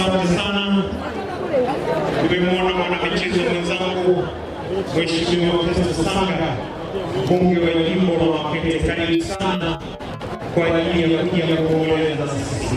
Asante sana. Nimemwona michezo mwenzangu Mheshimiwa Festo Sanga, mbunge wa jimbo la Mapete, karibu sana kwa ajili ya kuja kuomboleza sisi.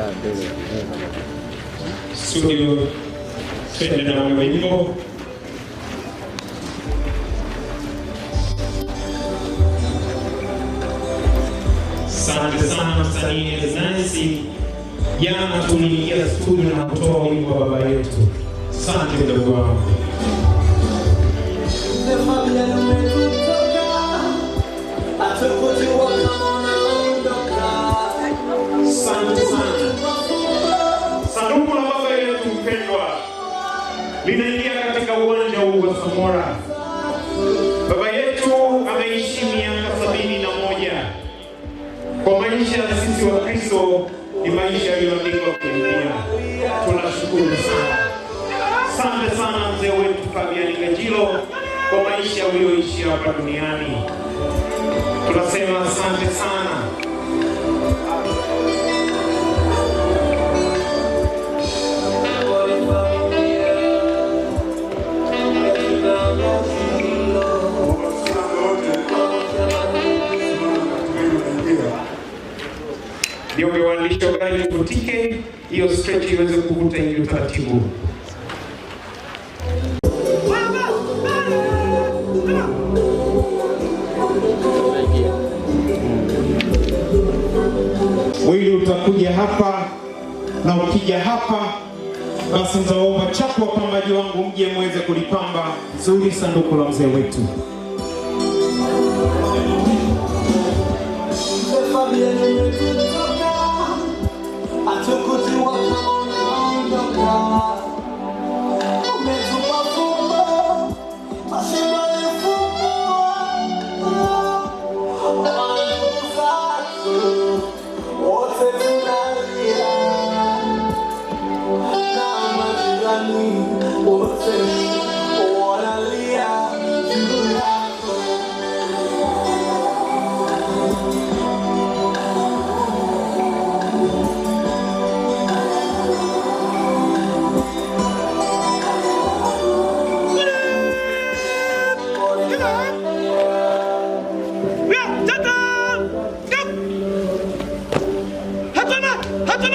kukaa mbele ya Mungu. Studio, twende na wimbo Asante sana msanii Nancy. Jana tuliingia studio na kutoa wimbo wa baba yetu. Asante ndugu wangu. linaingia katika uwanja huu wa Samora. Baba yetu ameishi miaka sabini na moja. Kwa maisha ya sisi wa Kristo ni maisha yaliyoandikwa kuingia. Tunashukuru sana, asante sana mzee wetu Fabiani Kanjilo kwa maisha uliyoishi hapa duniani. Tunasema asante sana. ivutike, hiyo stretch iweze kuvuta ili utaratibu mwili utakuja hapa, na ukija hapa basi nitaomba chakwa wapambaji wangu mje muweze kulipamba vizuri sanduku la mzee wetu.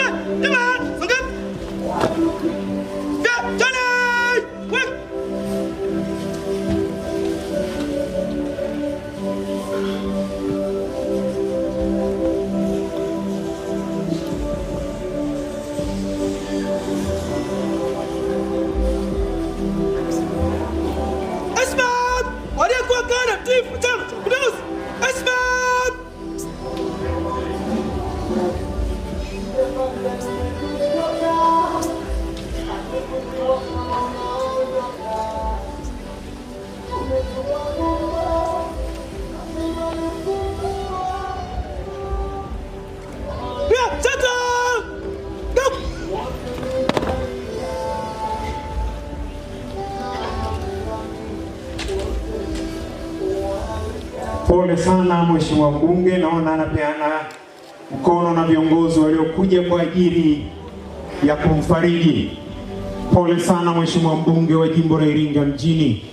干嘛？松根。Pole sana mheshimiwa mbunge, naona anapeana mkono na viongozi waliokuja kwa ajili ya kumfariji. Pole sana mheshimiwa mbunge wa jimbo la Iringa mjini.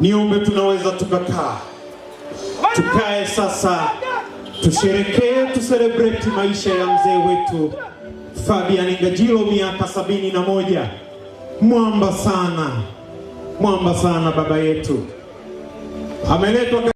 Niombe tunaweza tukakaa, tukae sasa, tusherekee, tuselebreti maisha ya mzee wetu Fabian Ngajilo, miaka sabini na moja. Mwamba sana, mwamba sana baba yetu ameletwa